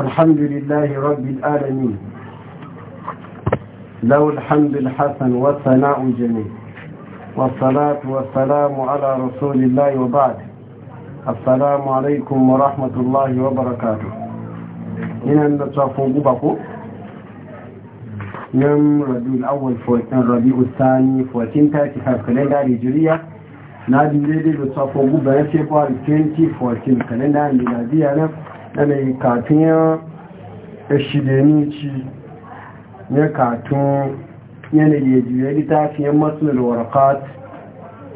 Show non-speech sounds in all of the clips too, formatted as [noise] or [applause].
الحمد لله رب العالمين له الحمد الحسن والثناء الجميل والصلاة والسلام على رسول الله وبعد السلام عليكم ورحمة الله وبركاته هنا نتوفوا بكم يوم ربيع الأول فوتين ربيع الثاني فوتين تاتي كالندر الهجرية نادي ليدي نتوفوا بكم فبراير 2014 كالندر الميلادية yanayi katun ya shideni ci ya katun yanayi ya juya littafiyan matsalar warakat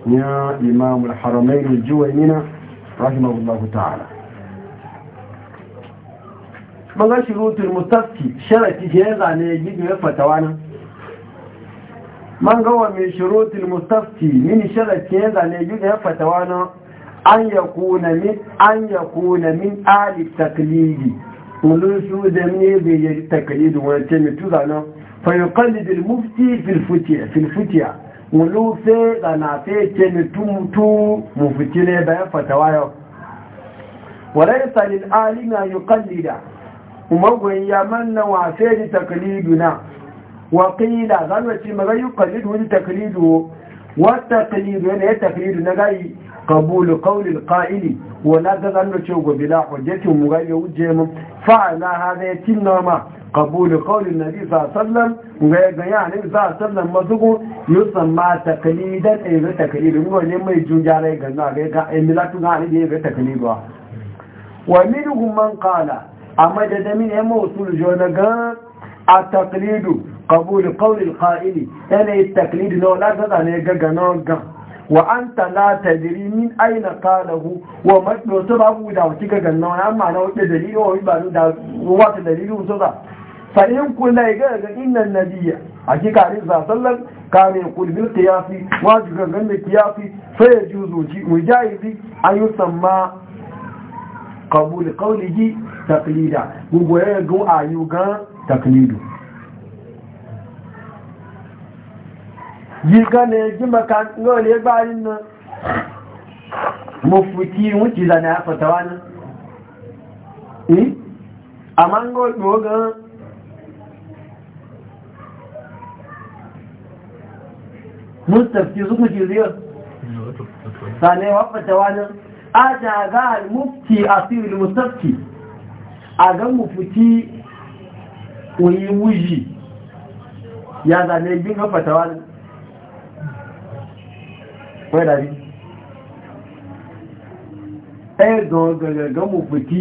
ya imamul haramai da juwainina rahimahullahu ta'ala maza shirutun Mustafi sharafi ke zane ya gidu ya fatawa nan man gawa mai shirutun Mustafi mini sharafi ya zane ya gidu ya fatawa nan أن يكون من أن يكون من آل التقليد ونسو دمني بالتقليد ونتم تزعنا نعم. فيقلد المفتي في الفتية في الفتية ونوفي غنافي تنتم تو مفتين بها فتوايا وليس للآلم أن يقلد ومغوين يمن وعفير تقليدنا وقيل ظلوة ما يقلد التقليد نعم. والتقليد يعني إيه تقليد نغاي قبول قول القائل ولا تظن تشوق بلا حجة مغير وجهم فعلى هذا يتنما قبول قول النبي صلى الله عليه وسلم وغير يعني صلى الله عليه وسلم مزقو يسمى تقليدا اي غير تقليد مو لما يجون على غنا غير ملاتنا عليه غير تقليد ومنهم من قال اما دمين هم وصول جونغا التقليد قبول قول القائل انا التقليد لو لا تظن غنا غنا wa an tala ta jiri min aina kalahu wa masu babu da wuce ga ganna wani amma na wuce dalilin wa ba da wata dalilin su ba fa in kula ga ga innan nabiya kika ne za sallan ka ne kul bil qiyasi wa ga ganna qiyasi sai ya ji mu mujahizi an yusamma qabul qawlihi taqlida gugu ya ga ayu ga taqlidu jika ne jima kan lole bayin nan mafuti wuce zane ya fata wani eh amma ngo doga mustafti zuku ji ziyo sane wa fata wani a ta ga al-mufti asirul mustafti a ga mafuti wuyi wuji ya zane jin fata wani wọ́n dàbí ẹ̀gàn gẹ̀rẹ̀gàn mò fìtí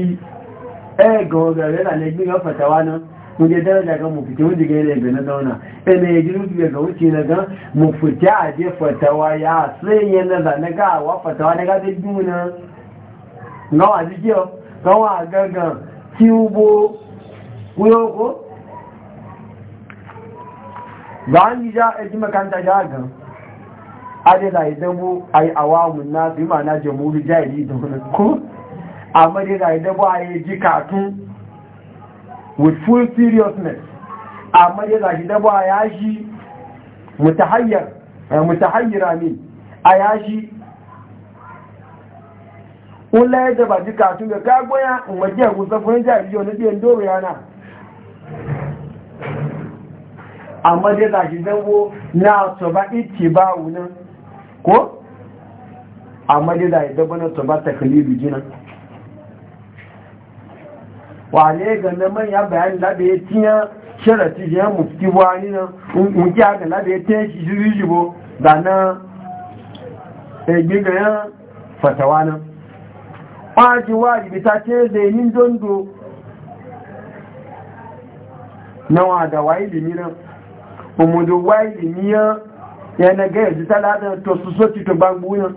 ẹ̀gàn gẹ̀rẹ̀ lànà gbígbà fàtàwà náà mo jẹ́ dẹ́rẹ́jà kan mò fìtí wọ́n jẹ́ gẹ̀rẹ̀ náà náà ẹ̀nà ìjírú fi ẹ̀gàn ó ti nàgán mò fìtí àjẹ́ fàtàwà yà síyẹn adila idan mu ai awamun na bi ma na jamhuri jahili da wani ko amma dai da idan ba ai jikatu with full seriousness amma dai da idan ba ya shi mutahayyir eh, mutahayyira ne a yashi ula ya da ba jikatu ga gagoya in wajen gusa kun jahili wani biyan doro yana amma dai da idan na so ba iti ba wunan ko amma dai da yadda bane to ba ta khalilu jinan wale ga na manya bayanin da ya tiya sharati ya mufti wani nan mun ki aka da ya tiya shi jiri jibo da na egbe ga ya fatawa nan waji wajibi ta ce da yin dondo na wa da wayi limiran umudu wayi limiyan yana gaya ji talata to su soci to gbagbuyan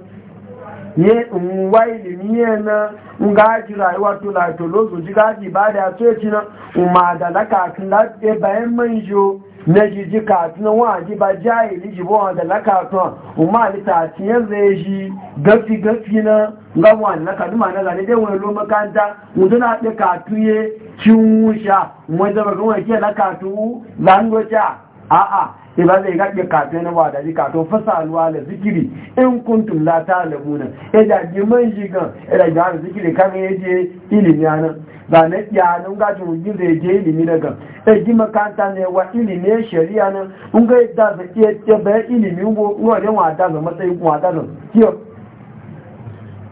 ye nwa ilimi ye na ngaji rayuwa to la to lozo ji gaji ba da so ci na umma da la ka tun la e bayan man jo na ji ji ka tun wa ji ba jahili ji bo da la ka tun umma ni ta ci yan reji gafi gafi na ga wa na ka duma na ga ne dai wani lo makanta mu dana de ka tuye cin wusha mu da ba ga wani ke la ka tu langoja a a sai ba zai gaɗe kato na wada ji kato fasa alwa da zikiri in kuntum la ta alamuna ya jage man shigan ya jage har zikiri kan ya je ilimi nan ba na yanin gajin wujin zai je ilimi na gan ya ji makanta ne wa ilimi shari'a nan in ga yadda za iya ce bayan ilimi wajen wada za matsayin kuma wada za kiyo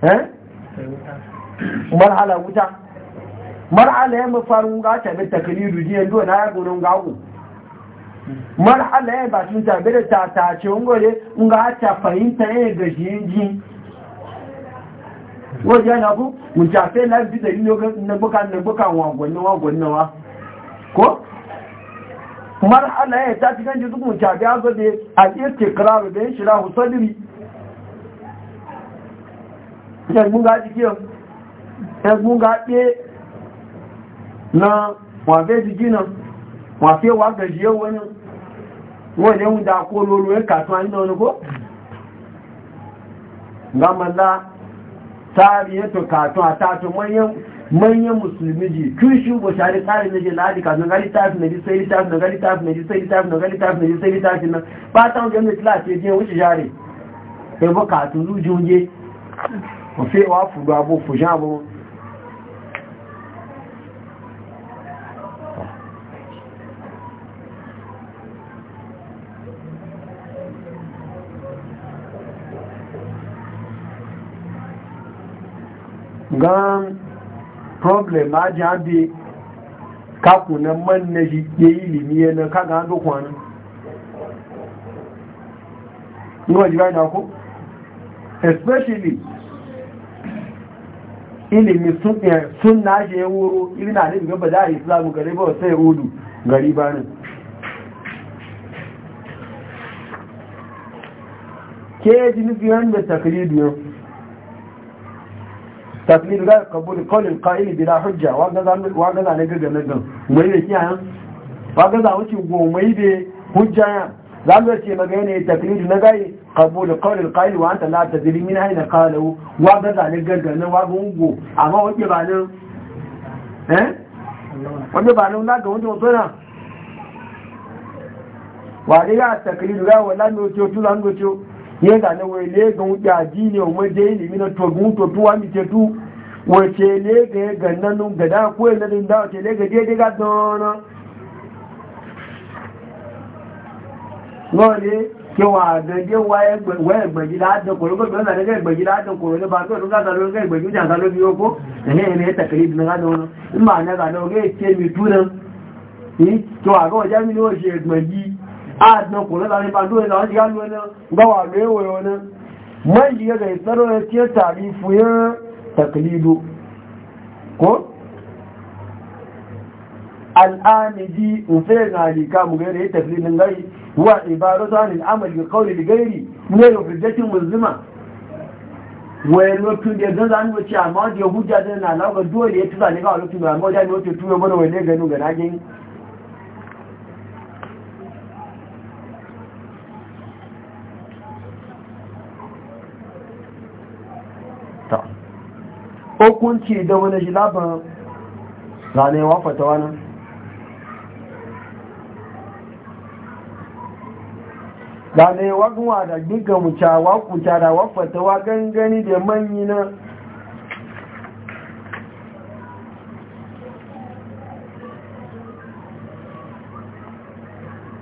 eh? marhala wuta marhala ya mafarin gata da takalidu jiyan duwa na ya gonon gago marhala ya ba tun tabi da tatace ngore nga ta fahimta ya ga jinji wajen yana ku mun tafe na bi yi ilo na bukan na bukan wagwanni wagwanni ko marhala ya ta cikin jizu mun tafi ya zo da a irke kiraru da ya shira husadiri ya gunga ga jikin yan mun ga na wafe jikinan wọ́n fi wà gẹ̀ẹ́jì yóò wọ́n wọ́n lè ń da kó lórí ẹ̀kà tó àyínà ọ̀nàkó gbàmàlá tààrí ẹ̀tọ̀ kàtún musulmi ji kirishi ba shari tsarin na jeladi ka nan gali na na na ta wuce wa gan problem aji abi kaku na man na shi ke ilimi yana ka ga duk wani yiwa ji gani ku especially ilimi sun na shi ya iri na da gaba da islamu gari ba sai hudu gari ba nan ke ji nufi wanda taklidu yau tasiri ga kabuli kolin ƙa'ili bila hujja wa gaza ne gaga na gan mai da kiyaye wa gaza wuce gomai da hujja ya zalwa ce magana ne tasiri na gai kabuli kolin ƙa'ili wa ta lata zili min haina kalau wa gaza ne gaga na wa gungo amma wani ba nan eh wani ba nan wa ga tasiri ga wa lalmi wuce wuce lalmi yadda na wai legan yaji ne wa maje ilimi na togun totuwa mitetu wace lega ya gannanun gada ko yana din da wace lega daidai ga dana wale kewa gage waya gbagi da haɗin koro gbagi wanda daga gbagi da haɗin koro ne ba su sun gasa lori da gbagi jan galo biyo ko ne ne ta takari na gada wani ma na gada wani e ya ce mi tunan kewa ga wajen mini wace gbagi adnan kula da ba dole da wani gano wani gawa rewa wani man jiya ga isaro ya ce tarifu ya ko al'amidi in sai ga halika mu gaira ya taklidin gari wa ibaratu anil amal bi qawli bi ghairi min al-hujjatin mulzima wa lokacin da zan zan wuce amma da hujja da na lawa dole ya tuba ne ga lokacin da amma da ne wato tuba mana wai ne ganu ga nagin hukunci da wani shi zane zanewa fatawa nan zanewa kuma da giga mucawa kuta da wafatawa gangani da manyi na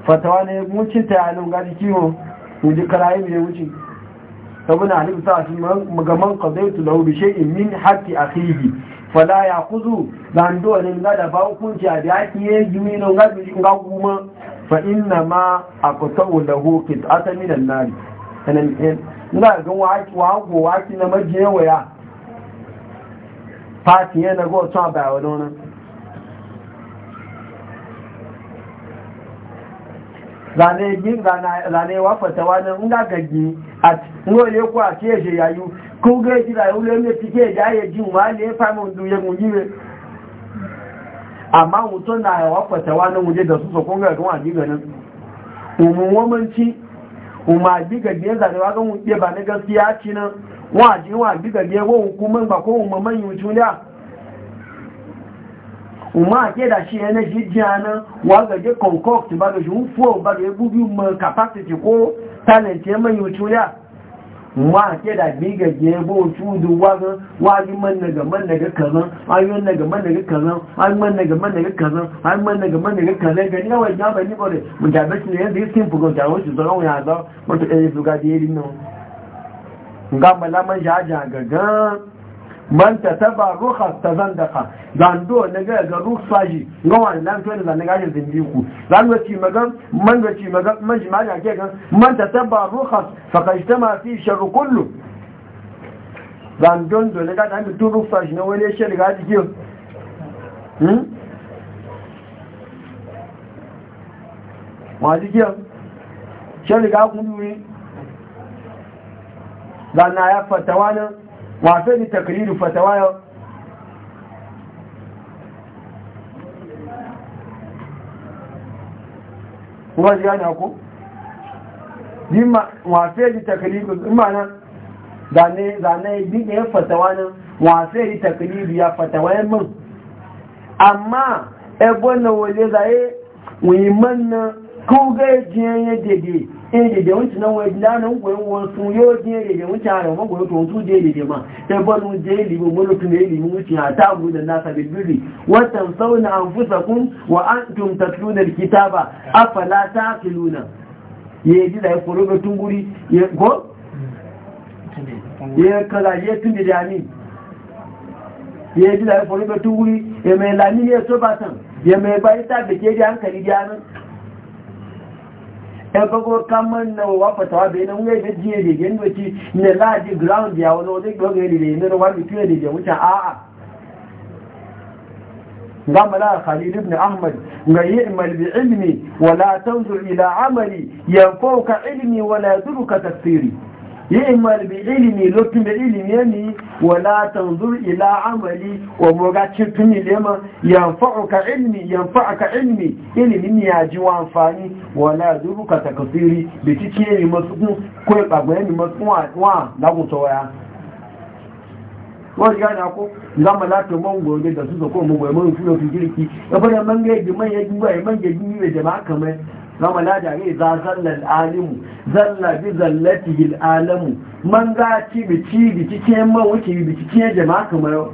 fatawa ne mucin ta yanin gaji kiwo wuji karayi mai wucin saboda hannun sa shi magaman kazaitu lahu bi shay'in min haqqi akhihi fala yaquzu dan do ne ngada ba hukunci a da ke jimi no ngadu shi ga kuma fa inna ma aqtau lahu qit'atan min an-nar ina ga wa go waki na majiye waya fati yana go tsaba wa donan zane yin zane wa fatawa nan in ga gaji a ngole ku a ce je yayu ko ga ji da ule ne tike da ya jin wa ne fa mun du ya mun amma mutum na wa fatawa nan muje da su so ga kan wa diga nan umun wamanci umma diga ne zane wa kan mu ba na gaskiya ci nan wa ji wa ba ko ma ke da shi yana shi jiyana wa ga je concoct ba da shi fo da ebu bi mu capacity ko talent ya man yucu ya ma ke da bi ga je bo tu du wa ga wa ji man daga man daga kazan ayyon daga man daga kazan ay man daga man daga kazan ay man daga man daga kazan ga ni wa ja ba ni bore mu da ba shi ne yanzu kin fugo da wasu zan ya da mutu eh fuga da yiri no ngamba la man ja ja gagan man ta taba ruha ta zandaka zando na ga ga ruh saji ga wannan to da na ga zindi ku zan ga ci magan ga man ji ma ga ke kan man ta taba ruha fa ka ijtama fi shar kullu zando do na ga da mi na wani ke ke wato ni takriru fatawa kuma ji yana ku wafe ji takalibu imana zane zane bi da ya fatawa nan wafe ji takalibu ya fatawa yan min amma ebe na wale zaye wuyi man nan kogaye jiyan ya dede dede wuce nan wai lanin goyon wasu yau dede da wuce a yau goyon to wasu dede da ma sai banu je libu mulkin ne libu wuce a ta gudu na sa bibiri watan sauna an fusa kun wa an tum tatluna kitaba afala ta filuna ya ji da ya koro ga tunguri ya ko ya kaza ya tuni da ni ya ji da ya koro ga tunguri ya mai lami ya so ba batan ya mai bayi ta da ke da hankali da nan na kámọ́ náà wà pẹ̀tàwà bẹ̀rẹ̀ náà wúyẹ̀ méjì èdèdè ń lòtí ní láàájí ground a náà ọdún gbọ́gbẹ̀ da nínú wà pẹ̀tàwà èdèdè wúce àà gbàmàlá khalil ibn ahmad ga yi imalbi ilmi wala tanzu ila amali yanfauka ilmi wala duruka tafsiri yi'mal bi ilimi lokacin da ilimi ne wala tanzur ila amali wa mugacin tuni lema yanfa'uka ilmi yanfa'uka ilmi ilimi ya ji wa amfani wala duruka takasiri da cike ne masu ko bagbaye ne masu wa lagunta waya wọ́n yára kó lámàlátò mọ́ngbò ní ìdàtúnṣọ́kọ́ mọ́gbò ẹ̀mọ́ ìfúnnà fi gíríkì ẹgbẹ́rẹ̀ mọ́ngẹ́ ìgbìmọ̀ yẹn gbígbà ẹ̀mọ́ngẹ́ gbígbà ìjẹ̀má kàmẹ́ zama na jami'i za zallar alimu zalla bi zallati hil alamu man za ci bici bici cikin man wuce bici cikin jama'a kamar yau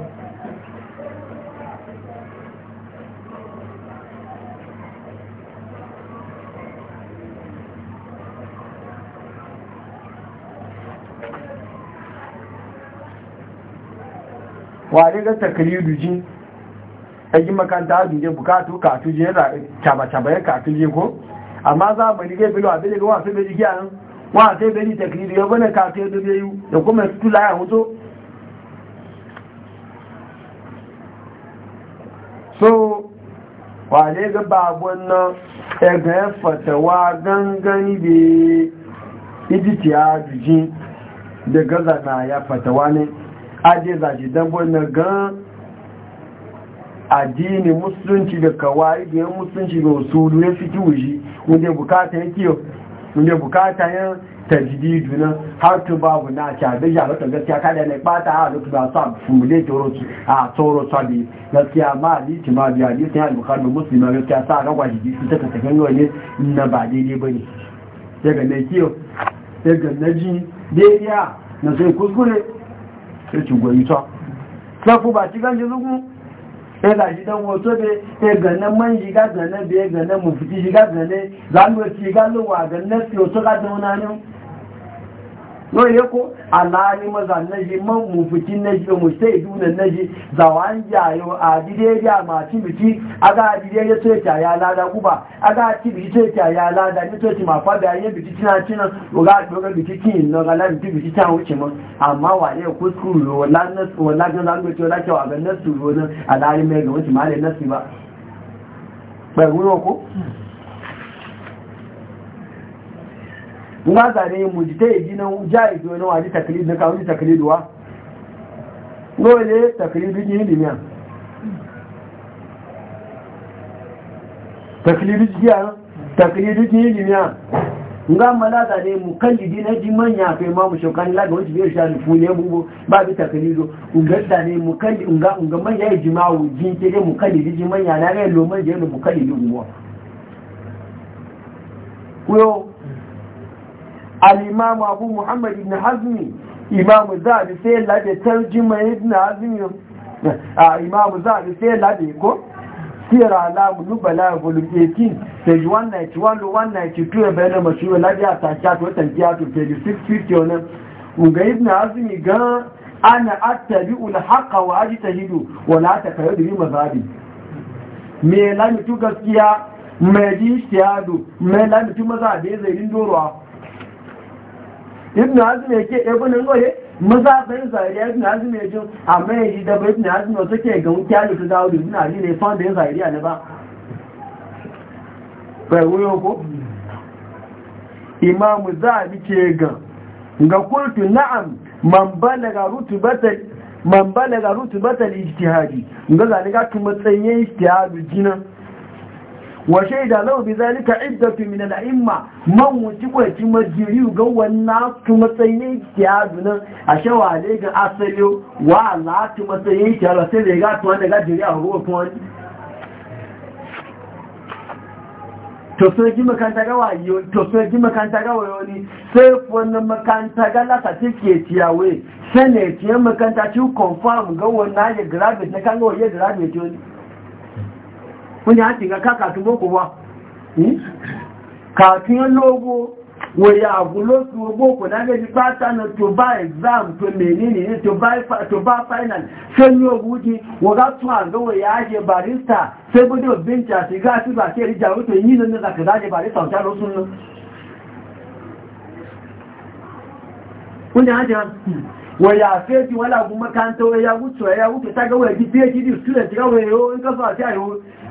ware ga takalidu ji a yi makanta abin je bukatu katu je caba-caba ya katu je ko amma za mu rige filo a bele ga wa sai be jigi an wa sai be ni takriri ya bane ka sai dubi yu da kuma su la ya hoto so wa ne ga babon nan ya ga wa gangani be iditiya jujin da gaza na ya fatawa ne aje zaji dan bon na gan addini musulunci da kawai da yan musulunci da usulu ya fi kiwuji wunde bukata ya kiyo wunde bukata ya tajdidu na har tu babu na ta da ya rata gaskiya kada ne bata a duk ba a fumule toro a toro sabi gaskiya ma di ti ma biya di sai bukhari muslima gaskiya sa ga gwaji di ta ta tagan ne na ba daidai daga ne kiyo daga daidai na sai kuskure sai ci ta ba ci ya gashi dan wato ne ya gane man shiga gane bai gane mu fiti shiga gane zanuwa shiga lowa gane su yau suka zauna ne no ya ko alani maza naji man mufikin naji da mustai duna naji zawan jayo a dide ya ma ci biki aga dide ya ce ta ya lada guba aga ci biki ce ta ya lada ni to ci ma fa da yin biki tina tina ga ga biki kin no ga la biki biki ta wuce mun amma wa ne kuskuru wala nasu wala ga zan ce wala ce wa ga nasu ro nan alani mai ga wuce ma ne nasu ba bai guro ko nga zane mu ji ta yi ji nan jayi zo na waje taklidu na kawo ji taklidu wa dole taklidu ji ilimi a taklidu ji a taklidu ji ilimi a nga mala zane mu ji na ji manya kai ma mu shokan la ga wani biyar sha nufu ne bubu ba bi taklidu nga zane mu kalli nga nga manya ya ji ma wujin ke mu kallidi ji manya na ga lomar je mu kallidi mu kuyo al'imamu abu muhammad ibn hazmi imamu zaɓi sai labe tarjima ibn hazmi a imamu zaɓi sai labe ko sira alamu nubala volume 18 page 191 192 bayan masu yi labe a sakiyatu watan kiyatu page 650 wani uga haka hazmi gan ana attabi'u al-haqqa wa ajtahidu wa la taqayyidu bi mazhabi me lamitu gaskiya mai ji istiyadu mai lamitu mazhabi zai dindorwa ibn azmi yake ibn eh, ngoye maza bai zariya ibn azmi yake amma yaji da bai ibn hazm wato ke ga wuki ali ta dawo ibn azmi ne fa da zariya ne ba bai wuyo ko imam zabi ke ga ga kultu na'am man balaga rutubata man balaga rutubata ijtihadi ga zalika kuma tsayin ijtihadi jinan وشهد له بذلك عدة من الأئمة من وجبه مجري وقوانا تمسيني اجتيادنا أشوى عليك أصليو وعلا تمسيني اجتيادنا سيديغا توانا جريا هو توانا tosoji makanta gawa yo tosoji makanta gawa yo ni sai wannan makanta ga la certificate ya we sai ne tiyan makanta ci confirm ga na ya graduate na kan ga ya graduate yo wani hati ga ka katun boko ba hmm? katun yan logo wòye àgúlótù ogbókò lágbèjì pátánà tó bá exam tó mẹ́nìní ní tó bá final ṣe ní ogun jí wọ́n gá tún àgbówò yà á barista ṣe bó dé òbíntì àti gá sí bà sí yí lónìí àkàdá jẹ barista ọ̀tá ló sún lọ wòye tí wọ́n lágún mọ́kántó phd student gáwẹ̀ ó àti àìwò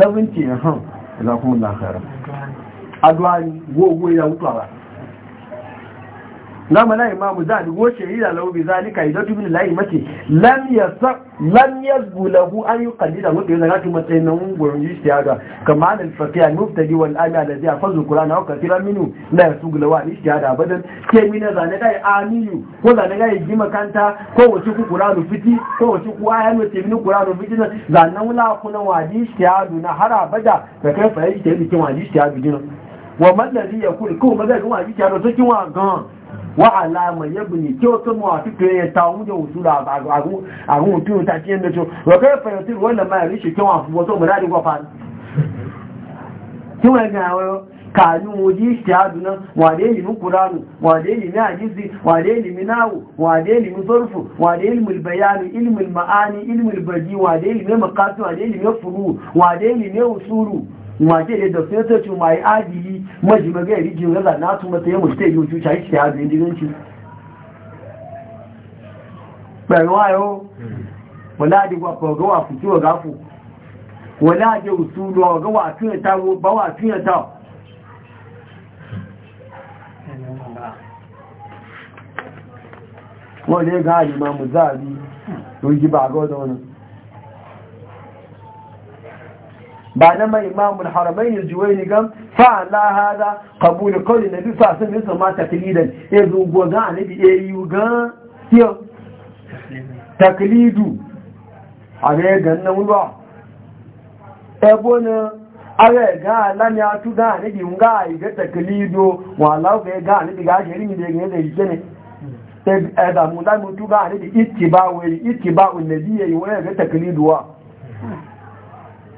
70 ẹ̀hàn ìlàkùn làkàrà adúláyìn wó owó ìyàwó tààrà zama na imamu da laubi za a bi zalika idatu bin lahi mace lam yasa lam yazbu lahu an yuqaddida wa bi zakati matsayin na nan gurin istihada kama ni diwan al fatiha muftadi wal ami alladhi afazu qur'ana wa kathiran minhu la yasugu lahu an istihada abadan ke min zane kai amiyu ko zane kai ji makanta ko wace ku kura qur'anu fiti ko wace ku aya mai ce mini kura qur'anu fiti na zanan wala kuna wadi shi istihadu na har abada da kai fa yi ke bikin wadi istihadu dinan wa man ladhi yakul ko maza ga wadi istihadu to wa gan wa alama yabni kyau to mu afi to ya ta mu da usula ba ga agun agun to ta ce ne to wa kai fa yotir wala ma ri shi kyau afu to mu radi ko fa kin wa ga wa kanu wuji shahadu nan wa da yi min qur'anu wa da yi min hadisi wa da yi min wa da yi min wa da bayan al ma'ani ilimin al baji wa da yi maqasid wa da furu wa da yi usulu maje ya da sai ta ce mai adili maji maga ya rijin gaza na tu mata ya mutu yi wuce ta shi ya zai dinanci bai wayo wala di wa ko gawa fu ciwo gafu wala di usulu wa tun ta ba wa tun ta ba na mai imamul haramai ne juwai ni gam fa'ala haza kabuli kawai na bifa sun yi zama taklidan ya zo gogon anabi ya yi gan yau taklidu a ga ya gan nan ruwa ebo na ara ga alami atu ga anabi nga a ga taklido wala ga ga anabi ga shiri ne ga da yake ne ɗaga mu da mutu ga anabi ittiba wai ittiba unabi ya yi wani ga takliduwa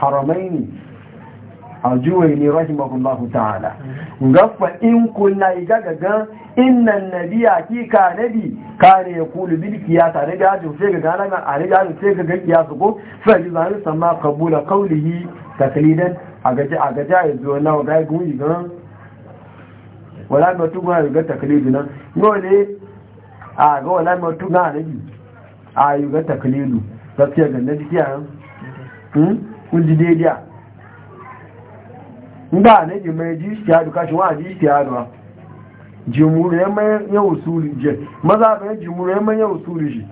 haramaini ne rahimahullahu ta'ala gafa in kunna iga gaga innan nabiya ki ka nabi ka ne ya kulu bil kiyasa ne da ajin sai ga nan a riga ajin sai ga kiyasa ko fa ji zan sama qabula qawlihi taklidan a gaji a gaji ya zo na ga gumi ga wala ma tu ga ga taklidu nan gole a ga wala ma tu ga nabi a yi ga taklidu gaskiya ga nabi kiyaye hmm wọ́n jí dédé à ńgbà àlejò mẹ́ jí ìṣẹ́ àdùkáṣe wọ́n àjí adụ àdùwà jùmúrù ẹmẹ́yẹ òsúrì jẹ mọ́sáfẹ́ jùmúrù ẹmẹ́yẹ òsúrì ya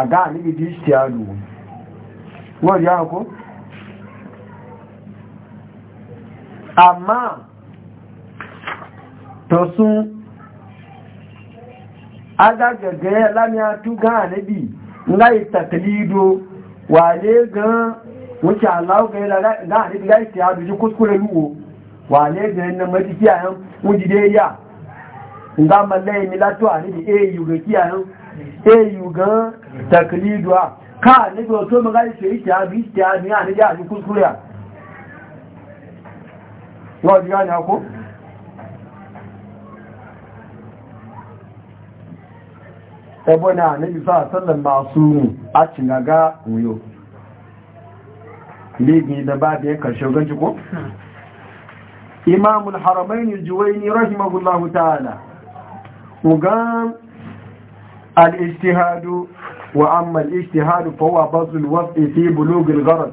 àgá àníbi jí ìṣẹ́ isi wọ́n yá ọkọ́ àmá tọ́sún agágẹ̀gẹ́ lámí atúgá àníbi ńlá ìtàkìlì gan wuce Allah ga yana ga hadisi ga shi ya duji kuskure luwo wale ga nan maji kiyayen wuji ya nga mallai mi latu hadisi eh yu ga kiyayen eh yu ga taklidwa ka ne ga to maga shi ya bi ya ni ya ni ya duji kuskure ya wa ji gani ko ebona ne bi sa sallan masu a cinaga wuyo ليغي دابا دي كارشو غنجيكو امام الحرمين الجويني رحمه الله تعالى وقام الاجتهاد واما الاجتهاد فهو بعض الوضع في بلوغ الغرض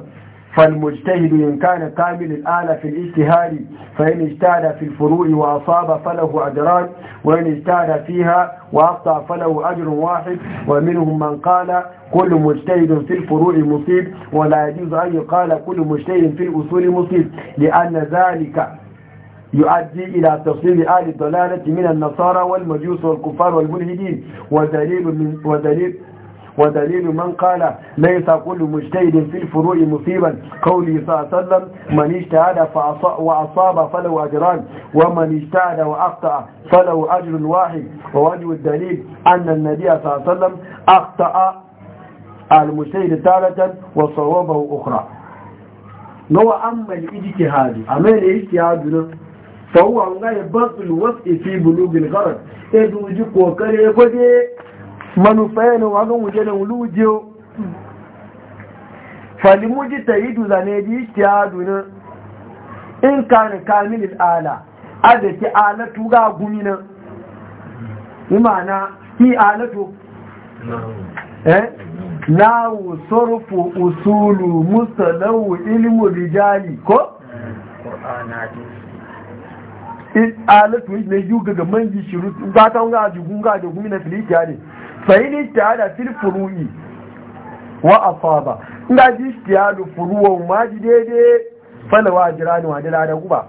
فالمجتهد إن كان كامل الآلة في الاجتهاد فإن اجتهد في الفروع وأصاب فله أجران وإن اجتهد فيها وأخطأ فله أجر واحد ومنهم من قال كل مجتهد في الفروع مصيب ولا يجوز أن يقال كل مجتهد في الأصول مصيب لأن ذلك يؤدي إلى تصويب آل الضلالة من النصارى والمجوس والكفار والملحدين ودليل, من ودليل ودليل من قال ليس كل مجتهد في الفروع مصيبا قوله صلى الله عليه وسلم من اجتهد وأصاب فله أجران ومن اجتهد وأخطأ فله أجر واحد ووجه الدليل أن النبي صلى الله عليه وسلم أخطأ المجتهد ثالثا وصوابه أخرى لو أما الاجتهاد أما الاجتهاد فهو أنه يبطل وصف في بلوغ الغرض إذ وجه وكره manufayen wagon wuce da wulujiyo falimuji ta yi duzane da yi ta dunin in ka ni kamilin ala a da ki alatu ga gumi nan imana ki alatu eh nawu sorfu usulu musalawu, ilmu rijali ko? alatu ne yi gaga manji shiru ba ta wunga a jigun ga da gumi na filikiya ne fa'ili ta'ala fil furu'i wa asaba inda ji istiyadu furu'o ma ji daidai falawa jirani wa dala da guba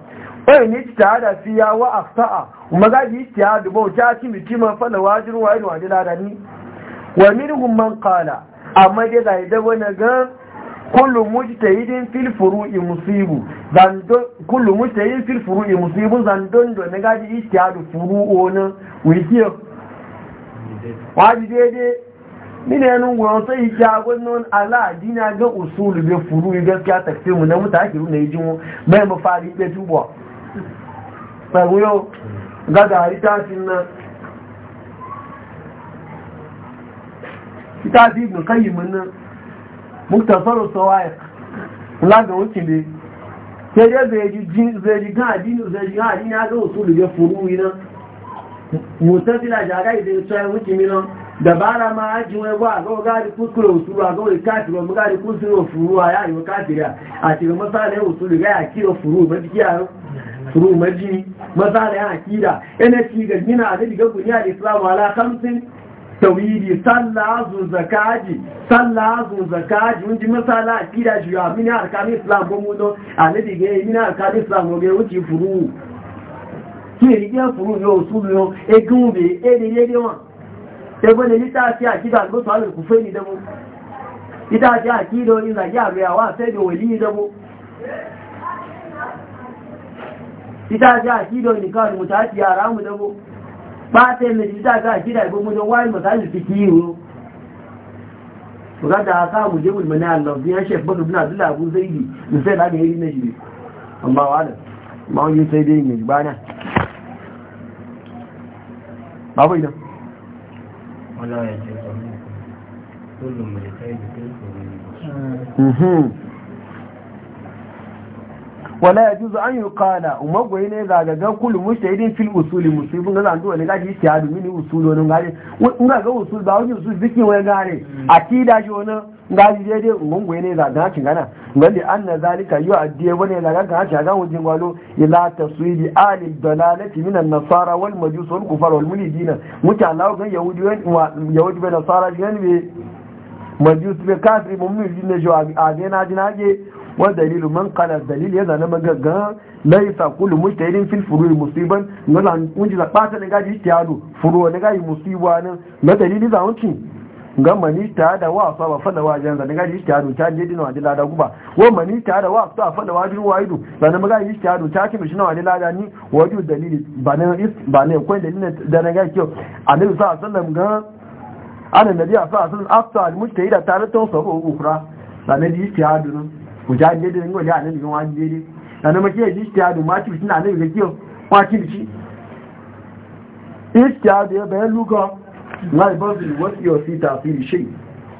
wai ni ci fi ya wa afsa'a kuma ga ji ba bauta ci mutum falawa jirani wa dala da ni wa minhum man qala amma dai ga idan wani ga kullu mujtahidin fil furu'i musibu zando kullu mujtahidin fil furu'i musibu don ne ga ji istiyadu furu'o ne wai waji daidai mini yanin gwanon sai yi jagonon ala'adina ga usulu bai furu yi gaskiya taksi mu na muta ake runa yi jin mai mafari ɗaya tubuwa tsaru yau ga gari tashin ne ga furu yi da mutazila jaga idan tsaye wuce minan dabara ma ajin wai wa ga gari kuskure usulu a wai kafiro mu gari kuskure furu a yayi wa kafira a cikin masala usulu ga ya kiro furu ba dikiya furu maji masala ya akida ina ci ga gina a diga guniya da islamu ala khamsin tawidi sallah azu zakaji sallah azu zakaji mun ji masala akida shi ya mini arkan islam ko a ne diga mini arkan islam ko ga wuce furu tí èyí jẹ́ fúrú yóò súnmù yóò egún bí èdè lédé wọn ẹgbẹ́ lè níta sí àkídà gbótò alùkù fẹ́ ní níta sí àkídà ìlàjẹ́ àrẹ àwọn àfẹ́dẹ̀ wẹ̀lí ní níta sí àkídà nìkan àdìmọ̀tà àti ara mú dẹ́mú pàtẹ́ méjì níta sí àkídà ìgbógun wáyé mọ̀tà lè fi kí ìrò Bukata a samu jebul mana Allah biyan shek bakar bin Abdullah Abu Zaidi misali da yari na shi amma wa da ma wani sai dai mai bana babu idan wala ya ce kullum mai kai da kai wala juzu an yuqala umagwai ne zagaga kullu mushtahidin fil usuli musibun ga zandu ne gaji hadu mini usulo non gaji nga ga usul ba wani usul zikin wani gare da shi wani gari daidai umagwai ne ga cin gana wanda an na zalika yu addiye wani zagaga ha shagan wajin gwalo suyi taswidi ali dalalati minan nasara wal majusu wal kufar wal dina mutala ga gan yahudi bai nasara shi ne majusu bai kafiri mu'min ne a gina na wa dalilu man qala dalil ya zana magaga laisa kullu mujtahidin fil furu'i musiban ngala unji da bata ne gaji tiyado furu ne gaji musiba ne na dalili za unci ga mani ta da wa fa ba fa da wajen zan gaji tiyado ta je dinu adila da guba wa mani ta da wa fa fa da wajen waidu zan magaji tiyado ta ci mishin adila da ni waju dalili ba ne ba ne ko dalilin da na gaji annabi sallallahu alaihi wasallam ga annabi sallallahu alaihi wasallam afta al mujtahida taratan sabu ukhra sanadi tiyado ku ja daidai ne wani anan gan wani daidai da na ke ji ta da mati suna nan ga kiyo kwaki da shi iska da ya bayan luka na ibadu wasu yau fi tafiri shi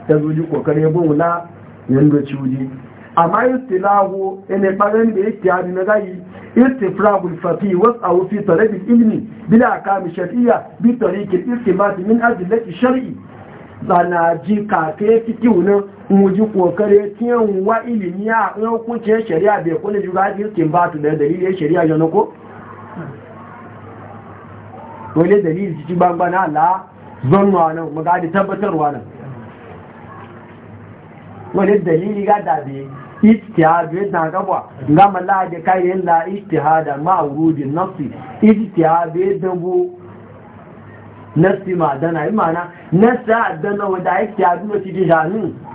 ta zuji kokari ya bula da ciwuji amma istilahu ene ɓaren da iska da na gayi استفراغ الفقيه وسعه في طلب العلم بالأحكام الشرعية بطريق الاستماس من أدلة الشرع zana ji kafe fiki wunan muji kokare tiyan wa ilimi ya ɗan hukuncin shari'a bai kone juga jirkin ba tu da dalilin shari'a ya yana ko? wani dalilin cikin gbangba na Allah zonwa nan magadi tabbatarwa nan wani dalili ga dabe ijtihadu yadda gaba ga malaje kai yalla ijtihada ma wurudin nafsi ijtihadu yadda bu nafsi ma dana imana nasa dana wanda ijtihadu ne cikin jami'in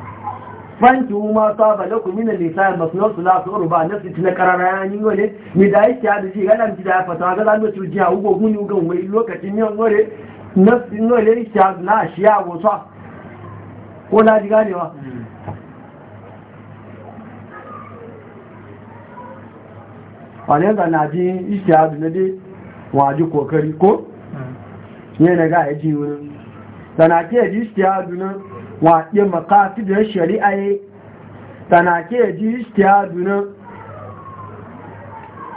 fanki ma sa ba lakum min al-lisan masnun su ruba nafsi tuna qarara ni wale mi da yake da shi ga nan da fata ga zan ci jiya ugo guni ga wai lokacin ne wale nafsi no le ya na shi ya wato ko la ji ganewa wani da na ji ishihadu na dai waji kokari ko hmm. ne na ga ya ji wurin da na ke ji ishihadu na wa ya makatidar shari'a ya tana ke ji ishtihadu nan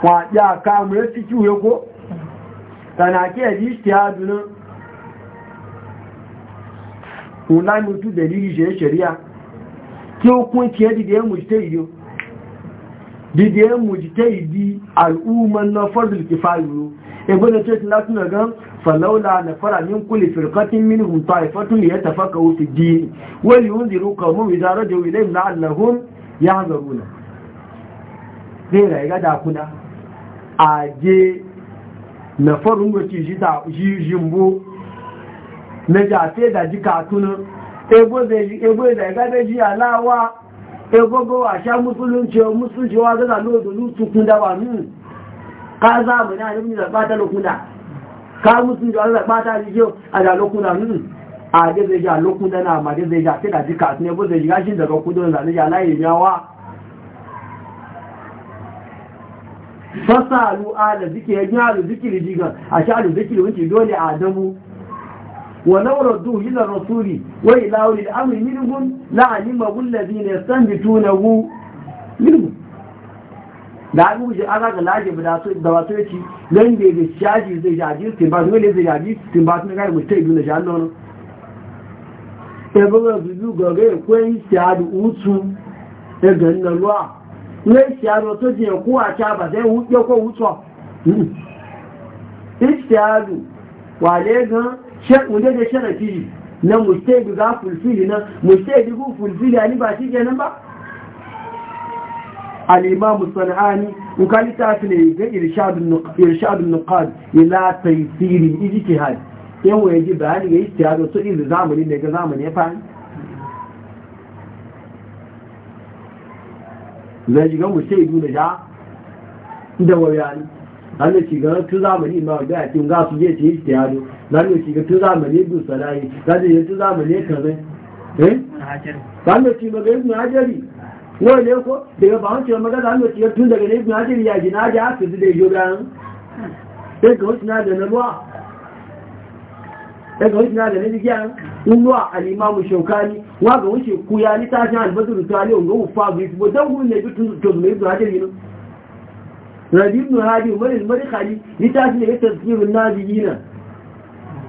wa a kamu ya fi kiwo ko tana ke ji ishtihadu nan kula mutu dalili shi shari'a ki hukunci ya didiyar mujtahidi didiyar mujtahidi al'umman na fardul kifayu ebe da ce tilatun da gan فلولا نفر من كل فرقة منهم طائفة ليتفقهوا في الدين ولينذروا قومهم إذا رجعوا إليهم لعلهم يحذرون zai raiga da dakuna a je na farin wace shi jimbo na jafe da ji katunan ebo zai da ji alawa ebo a sha musulunci musulunci wa zaza lo da kun da ba nun ka zamani a nemi da batar kuna ka musu da ta ji a da lokuna a da zai alokuna na ma da zai ja sai da jika ne bu zai gashin daga kudin zai ya layi yawa fasalu ala zikiri ya zikiri diga a sha zikiri dole adamu ولو ردوه إلى الرسول وإلى أولي الأمر منهم لعلمه الذين يستنبتونه da an wuce an zaka laje da da wato yaci dan da ya shaji zai shaji tin ba dole zai shaji tin ba sun ga mutai dun da shan nono ga zuzu ga ga kwai shaji utu da ganna ruwa ne shaji to hmm. je ko ta ba sai ya ko utu ishtiyaru wale ga wunde da sharafi na mutai ga fulfili na mutai ga fulfili ani ba shi kenan ba al'imamu sana'ani in ka littafi ne ga irshadun nukad ila taisirin ijtihad yan waye ji bayani ga ijtihad su izu zamani ne ga zamani ya fahimta zai shiga mu sai duna ja da wayani Allah shi ga tu zamani ma ga ya tun ga su je ce ijtihad zan shi ga tu zamani du salai zan shi tu zamani kazai eh da shi ga ibn hajari yau ne ko daga ba wancan magana an yi tun daga ne na jin ya na ji haka zai da na ruwa sai ga wasu na da na alimamu shaukani wa ga wasu ku ya ni tashin albazin rutali unga ufa bu yi bo dan gun ne bi tun to mai zuwa jin yi Rabi ibn Hadi Umar al-Marikhali litashin da ya tafsirin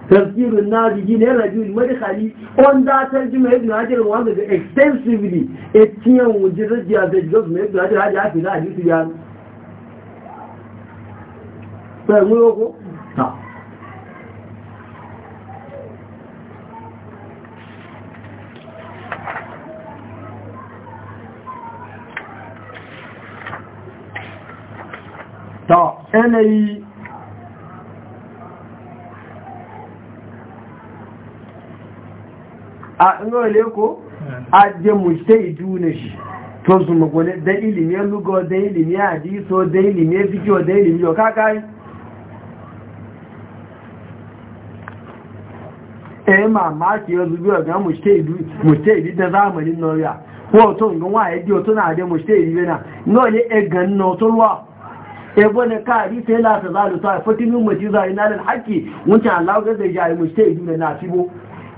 تفسير الناجي لرجل المدخلي on that ترجمة ابن حجر وانه extensively اتيان وجرد يا تجوز من ابن حجر حاجة في الله يوسف يعني فهموا يوكو ta yanayi a ngole ko a je mujtahidu na shi to su magole da ilimi lugo da ilimi hadiso da ilimi fiqh da ilimi ka kai eh mama ki yanzu biyo ga na mujtahidu da zamanin noya ko to ngun wa e di o to na de mujtahidu na ngole e gan no to wa ebo ka ri la ta zalu ta fatinu majiza ina Allah ga zai na nasibo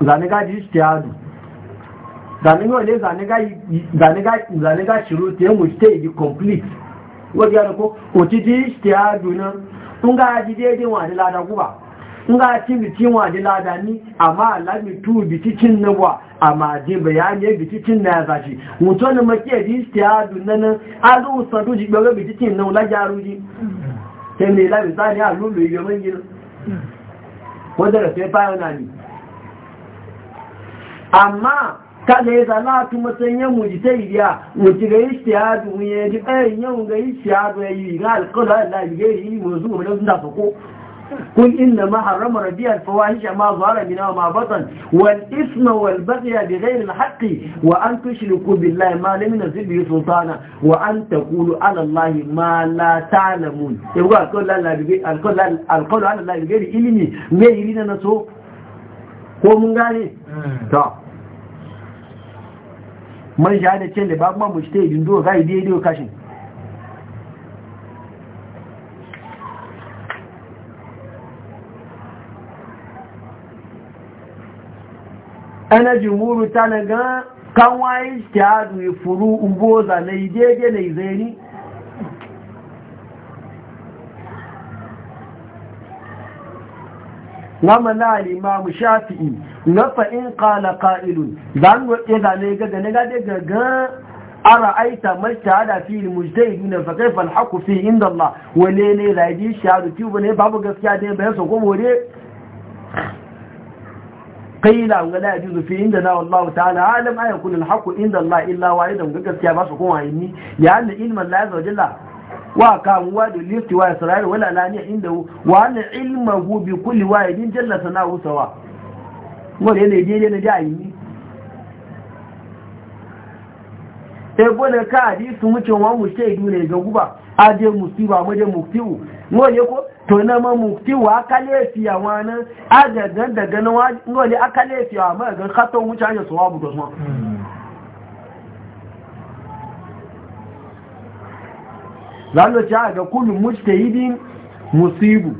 zane gaji istiyadu zane wale zane ga shiru ta yamu ta yi complete wadda yana ko otiti istiyadu nan in ga ji daidai wani lada guba in ga ci bici wani lada ni amma alami tu bici na wa amma je bayani ya bici cin na ya zashi mutu na makiyar ji istiyadu nan a zo usatu ji gbogbo bici cin na wula gyaru ji sai ne labi tsari a lulu yi gaban gina mm. wadda da sai bayan na ne amma kada ya zana tu masanyen mu ji ta iya mu ci ga yi shahadu mu yi ji ɗaya yau ga yi shahadu ya yi ga alƙalu Allah ya yi yi mu zuwa da sun ko kun inda ma harama rabiyar fawahisha ma zuwa na ma batan wal isma wal baqiya bi ghayr al haqqi wa an tushriku billahi ma lam yunzil bihi sultana wa an taqulu ala Allah ma la ta'lamun ya ga alƙalu Allah ya yi alƙalu Allah ya ilimi me yi na ko hmm. mun gane ta man ja da ce da babban mu shite idin do gai dai dai kashin ana jumuru tana ga kan waye shi ta hadu furu umboza na idege na izeni wama na alimamu shafi'i na fa'in kala ka'ilun zan yi zane ga gane gade gaga a ra'aita mashta hada fili mujtai duna fa kai falhaku fi inda Allah wale ne raji shahadu tubu ne babu gaskiya dai bayan su ko more qila wa la yajuzu fi inda na wallahu ta'ala alam ayakun alhaqu inda Allah illa wahidan ga gaskiya ba su ko wani ya anna ilman la yazawajalla wa kamuwa da lifti wa isra'il wala lani inda wa ana ilmahu bi kulli wahidin jalla sana'u sawa wala ne je ne da yi ebo ne ka hadisu muke wa mu sai dune ga guba aje musiba mu je muktiu wala ko to na ma muktiu aka lefi yawa nan aga dan daga nan wala aka lefi yawa ma ga khato mu ta ya sawabu da su zalo ta ga kullu mujtahidin musibu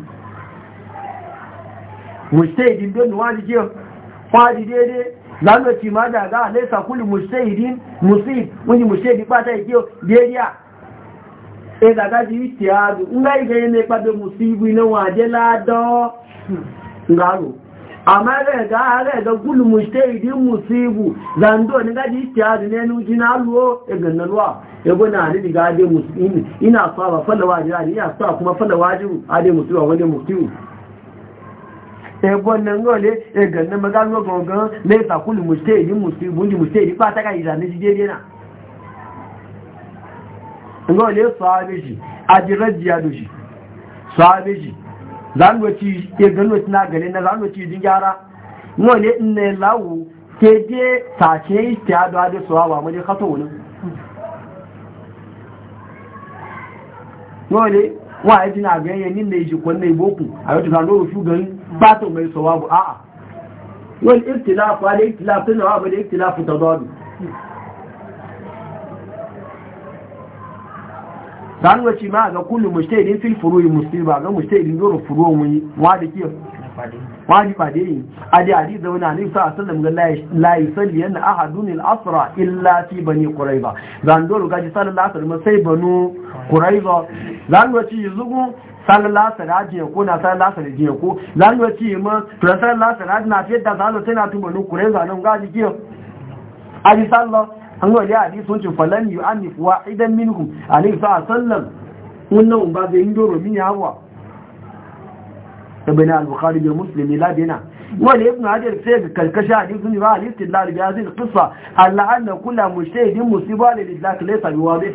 mujtahidin don wani ke kwaji daidai zalo ci ma da ga laisa kullu mujtahidin musib wani mujtahidi ba ta ke daidai e da ga ji ti adu ngai ga ne pa de musibu ina wa de la do ngalo amma zai ga zai ga gulu mushtaidi musibu zando ni gaji istiyadu ne nuji na luwo ya e ganna ruwa ya e gona ni diga ade musulmi ina sa ba falla wajibi ade ina sa kuma falla wajibi ade musulmi wani musulmi ya e gona ngole ya ganna magano gongan ne ta kulu mushtaidi musibu ndi mushtaidi ba ta ga izani ji dede na ngole sahabi ji ajiraji ya dushi sahabi ji zanwaci ke ganwaci na gane na zanwaci jin gyara nwane ina lawu ke je tashe iste adu adu suwa wa mu ne kato wani nwane wa ya jina ganye ni na iji kwanne boku a yau ta nuru su gani ba ta mai suwa bu a'a wani iftilafu ala iftilafu na wa mu ne iftilafu ta zuwa wace ma ga kullum mujtahidin fil furu'i musiba ga mujtahidin mun dole furu'un wani wadi kiyo wadi fade yi adi adi zauna ne sa sallam ga la salli yana ahadun al asra illa fi bani quraiba zan dole ga sallallahu alaihi wasallam sai banu quraiba sanwaci yuzugu sallallahu alaihi wasallam ko na sallallahu alaihi wasallam ko wace ma to sallallahu alaihi wasallam na fi da zalo tana na tubanu quraiba nan ga kiyo adi sallallahu an ga wajen hadisi sun ce falan yi an nifuwa idan minkum a ne sa sallan wannan ba zai yi doro min yawa ibn al-bukhari da muslimi ladina wani ibn hajar sai ga kalkashi hadisun ba al-istidlal bi hadhihi al-qissa alla anna kull mushtahid musiba lil zak laysa bi wadih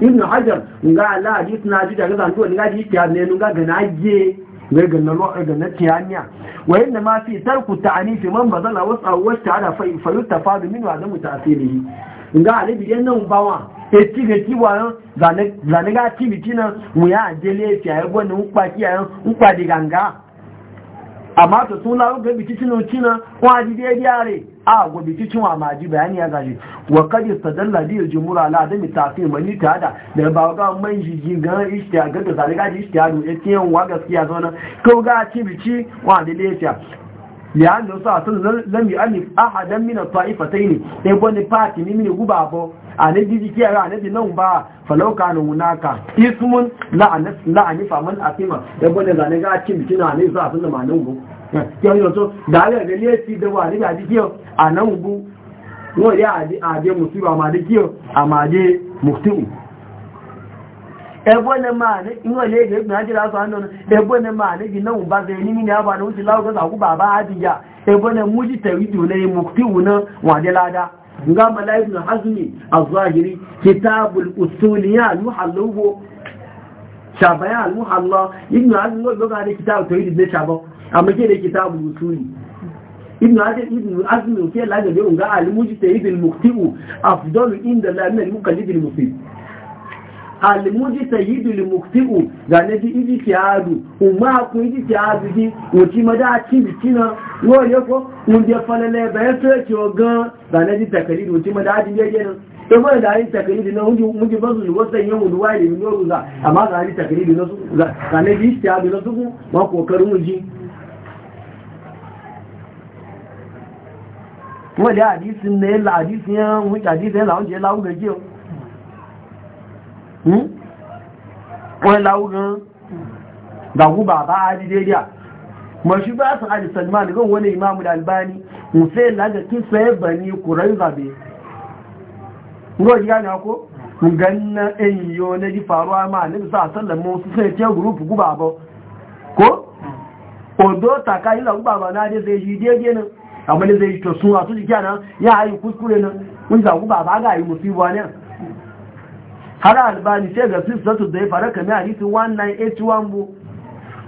ibn hajar ga la hadis na ji daga zanto ni ga ji ta ne ga ga naje ga ga na lo'a ga na tiyanya wa inna ma fi tarku ta'anif man badala wasa wa ta'ala fa yutafadu min wa adamu ta'silihi nga alibiyan nan bawa eti ga kiwa yan zane ga activity china mu ya ajele fi ayi gwani di ganga amma to sun laro ga biti cin oci na kwa ji dai yare a go biti cin wa bayani ya gaji wa kad yastadalla bi jumhur ala adami tafi mani ta da ba ga man jiji ga da zane ga na ko ga ci biti wa yanda wasu asu zami alif ahadan mina ta'ifatai ne ɗai wani fati mimi ne guba abu a na biji a na bi nan ba falauka na munaka ismun la'anifa man asima ɗai wani zane ga cin biki na ne zuwa sun zama nan gu kiyar yi wasu da aga gani ya ci dawa ne ga dikiyar a nan gu wani ya aje musu ba ma dikiyar a maje muftimu ebo ne ma ne na ji la so ando ebo ne ba ni mi ne aba no ti la za ku baba adija ebo ne mu ji te widu ne mu wu da nga mala ibn hazmi az kitabul usuliya muhallubu shabaya al ibn hazmi no ga ne kitab tawhid ne shabo amma ke ne kitabul usuli ibn hazm ibn hazm ke la ga ne unga al-mujtahid al afdalu inda la min al-muqallid alimuji sayidu limukti'u ga na ji iji tiyadu umma ku iji tiyadu ji wuci ma da cin biki na wo ye ko mun je falale ba ya so ki ogan ga na ji takalidu wuci ma da ji je je na to ma da ji takalidu na hunji mun ji ba su wasa yin wudu wai min yoru za amma ga ji takalidu na su ga na ji tiyadu na su ma kokarin mu ji wọ́n lé àdísí ní ẹ̀là àdísí yẹn ń wíkà àdísí ẹ̀là oúnjẹ láwùgbẹ̀jẹ́ o Hm? wọ́n láwú gan gàgú bàbá adìdẹ́díà mashi ba su ali salman gan wani imamu da albani musayin laga ya bani kurai zabe ngo ji gane ko ganna en yo na ji faruwa ma ne sallama su sai ce group guba ba ko na zai a su ya ga yi musiba hara albani sai ga sifatu da ya fara kamar hadisi 1981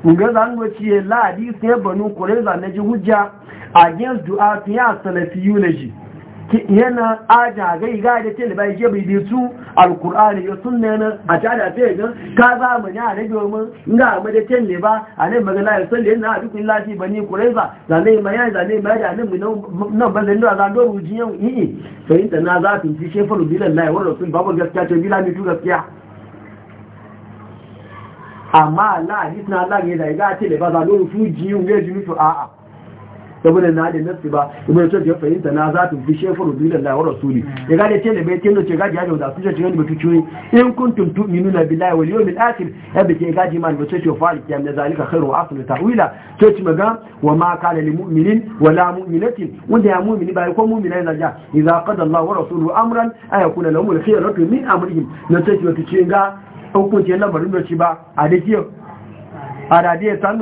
bu ga zango ciye la hadisi ya banu kore na ji hujja against du'a fiya salafiyuna ji yana aja gai ga da tele bai je bai bitu alqur'ani ya sunna na a ta da sai ga ka za mu ya da domin nga mu da tele ba anai magana ya salli na duk illahi bani quraiza zalai mai ya zalai mai da nan mu nan ban da za do ruji yau yi sai na za ta ci shefa billahi wa rasul babu gaskiya to billahi tu e gaskiya amma Allah hadis na da ga tele ba za ruji yau ji saboda na da nasi ba ibn sai ya fahimta na za ta fi shefu rubillahi wa rasuli ya ga da ce da bai tendo ce gaji hajjo da su ce ne mutu ciwi in kuntum tu'minuna billahi wal yawmil akhir ya bi ce gaji man ba sai ce fa alkiyam da zalika khairu wa afdal ta'wila to ci maga wa ma kana lil mu'minin wa la mu'minatin wanda ya mu'mini ba ko mu'mina yana ja idza qada Allah wa rasuluhu amran ay yakuna lahum al khiyaratu min amrihim na sai ce ce ga hukunci lamarin da ci ba a da a da dai san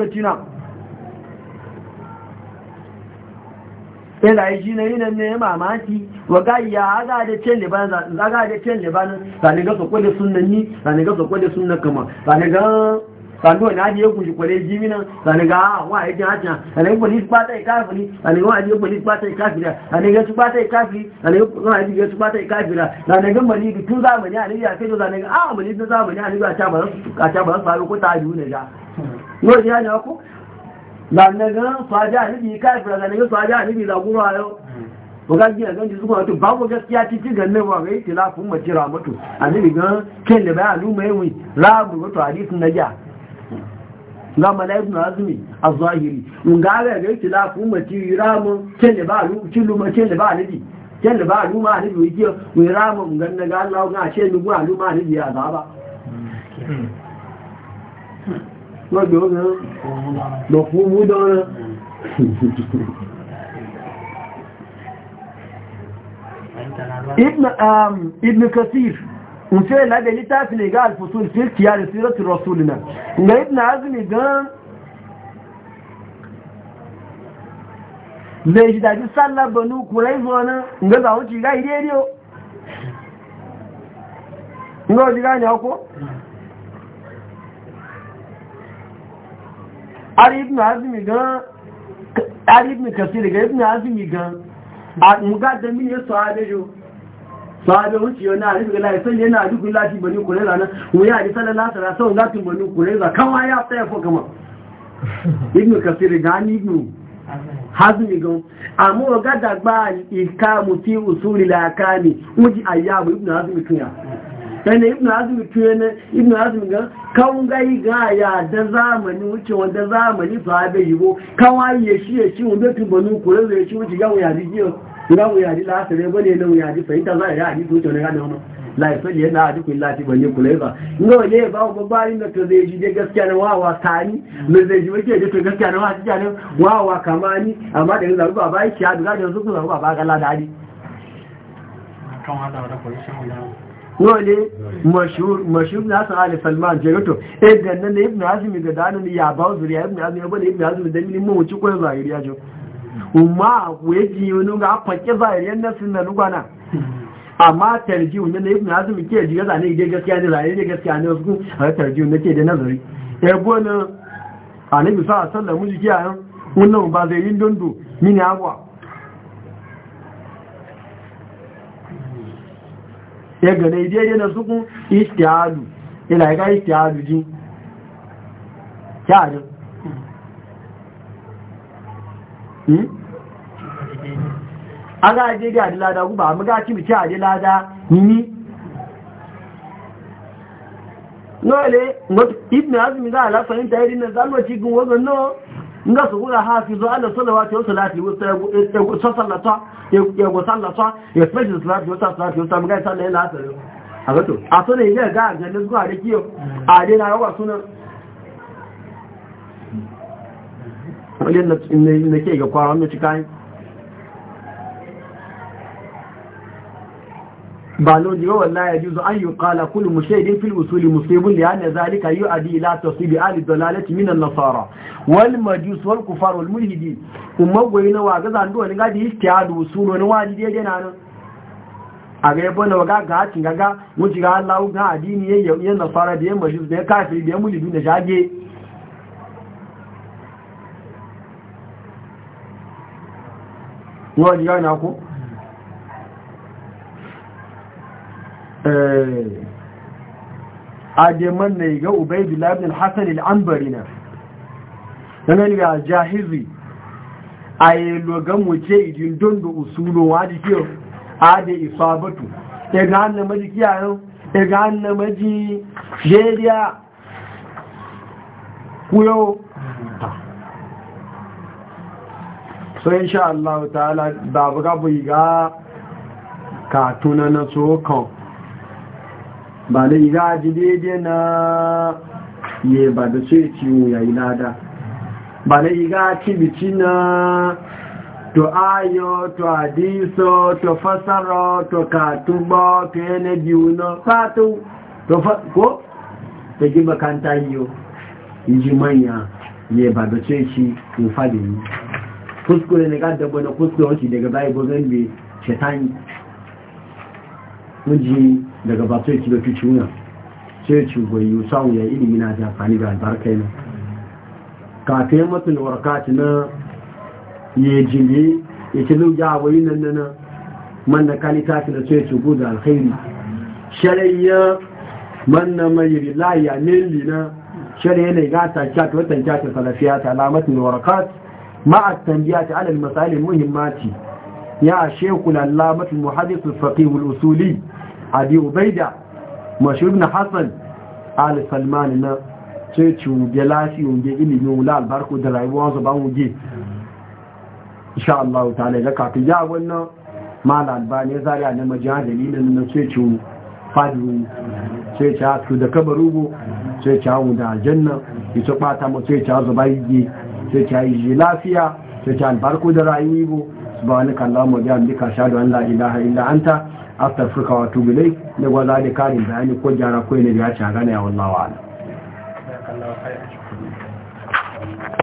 yana yi shi na yi nan ne mamaki wa gayya haga da cin libanin zaga da cin libanin zane ga sokwa da sunan ni zane ga sokwa da sunan kama zane ga sanu wani je ku ji kwale ji mina zane ga ah, wa a ya ji hajjan zane ku ba ta yi kafiri zane ga je ku ni pata e kafira zane ga su ba ta yi kafiri zane ga je su pata e kafira zane ga mali da tun zamani a nigeria ya da zane ga a ah, mali da zamani a nigeria ya ta ba a ta faru ko ta yi ne ja no ya ne ko ba na gan faja ni bi kai fara ganin faja ni bi zagura yau ko ga ji gan jisu ko babu gaskiya ti ti ganne wa ga itilafun majira mutu annabi gan ken da bayanu mai wi rabu wato hadisin naja ga malaikun azumi az-zahiri mun ga ga ga itilafun majira mun ken da bayanu cilu ma ken da bayanu ken da bayanu ma annabi wi ki wi ramu gan na ga Allah ga ce ni gwa lu ma annabi ya zaba hmm. Hmm. lọ́gbẹ̀ ọ́nà ibn kasir in ce labe littafi ne ga alfusul firkiya da siratun rasulina ga ibn azumi gan zai ji ga zaunci ga har ibn azumi gan har ibn kasir ga ibn azumi gan a min ya sahabe jo sahabe wuce na a rufe lai sai yana duk lati bani kure nan wuya ji sallan lasara sau lati bani kureza kama ya tsaya ko kama [laughs] ibn kasir ga ni ibn hazmi gan amma waga da ba ikamu fi usuli lakani wuji ayyabu ibn azumi tuya yana ibn azumi tuye ne azumi ga kan gai ga ya da zamani wuce wanda zamani fa bai yibo kawa ya shi ya shi wanda tun banu kore zai shi wuce gawo ya rijiyo gawo ya ri la sare bane nan ya ri fa ita za ya ri to to ne ga nan laifin yana a dukkan lati bane kula ba inga wale ba ku babarin da to zai jide gaskiya na wawa tani mai zai ji wake to gaskiya na wawa tijani wawa kamani amma da zaru baba yake ya duka da su ku zaru baba ga ladari kan hada da kulishin wajen wale mashur na san ali salman jegato eh ganna ne ibn azmi ga danin ya ba zuriya ibn azmi ba ibn azmi da min mu wuci ko zahiriya jo umma weji wono ga fakke zahiriyan na sunna lugana amma tarjiu ne ibn azmi ke jiga ne ide gaskiya ne zahiri ne gaskiya ne su har tarji ne ke da nazari eh bona annabi sallallahu alaihi wasallam mu jiya wannan ba zai yin dondo mini abwa ya gane daidai na suku istihalu ila ga istihalu ji kyajin hmm? an ga aje ga adilada guba amma ga ci bici azumi za a lafayin tayari nga su kula hafizu ala salawati wa salati wa e- e- e- sallata ya sallata ya fashi salati wa salati wa salati ga sallah ya asar a gato a ne ya ga ga ne zuwa da kiyo a dai na yawa suna wani na ke ga kwaron da cikin ba lo jiwa ya yajuzu an yuqala kullu mushaydin fil usuli musibun li anna zalika yu'adi ila tasibi ali dalalati minan nasara wal majus wal kufar wal mulhidi kuma goyina wa ga zandu wani gadi istiadu usulo ni wani dede nan a ga yabo na waga ga hakin gaga wuci ga Allah ga adini yayin yan nasara da yan majus da kafir da mulhidi da jage wani na ko Eh, ademan na ga ubaidu labin hassan al'ambari na ɗanar ga jahizi a yi logan wuce idin don da usulo wa jike a da isabatu ya e ga hannun maji kiyayen ya ga na maji jeriya kuyo so insha Allah ta'ala babu gabu ga katuna na tsohon ba da iga ji daidai na ye ba da sai ciwo ya yi lada ba da iga cibici na to ayo to adiso to fasaro to katubo to yana biyu na fatu to ko ta gi makanta yiwu ji manya ye ba da sai ci in fadi yi kuskure ne ga dabba kuskure wanci daga bayan gogon bai shetani mun ji daga ba sai ci fi ciwuna sai ci samu ya ilimi na da da albarkai na kafin mutum warkati na ya jini ya ci luja a wani nan nan man da kani tafi da sai ci guda alkhairi shari'a man na mai rilaya nilli na shari'a ne gata kyata watan kyata ta alamatin warkati مع التنبيات على المسائل المهمات يا شيخ العلامة abi ubaida mashhur ibn hasan al salman na sai ci uge lafi uge ilimin wula albarku da rayuwa su ba uge insha Allah ta'ala da kafin ya wannan mala albani zari a nama jihar dalilin na sai ci fadu sai ci haku da kabarugo sai ci haku da aljanna ita bata mu sai ci haku bayi sai yi haku lafiya sai ci albarku da rayuwa su ba wani subhanaka allahumma wa bihamdika ashhadu an la ilaha an ta. astagfirka wa tubulai da gwaza da karin bayani ko gyara ko yana biya ci a gane ya wallawa ala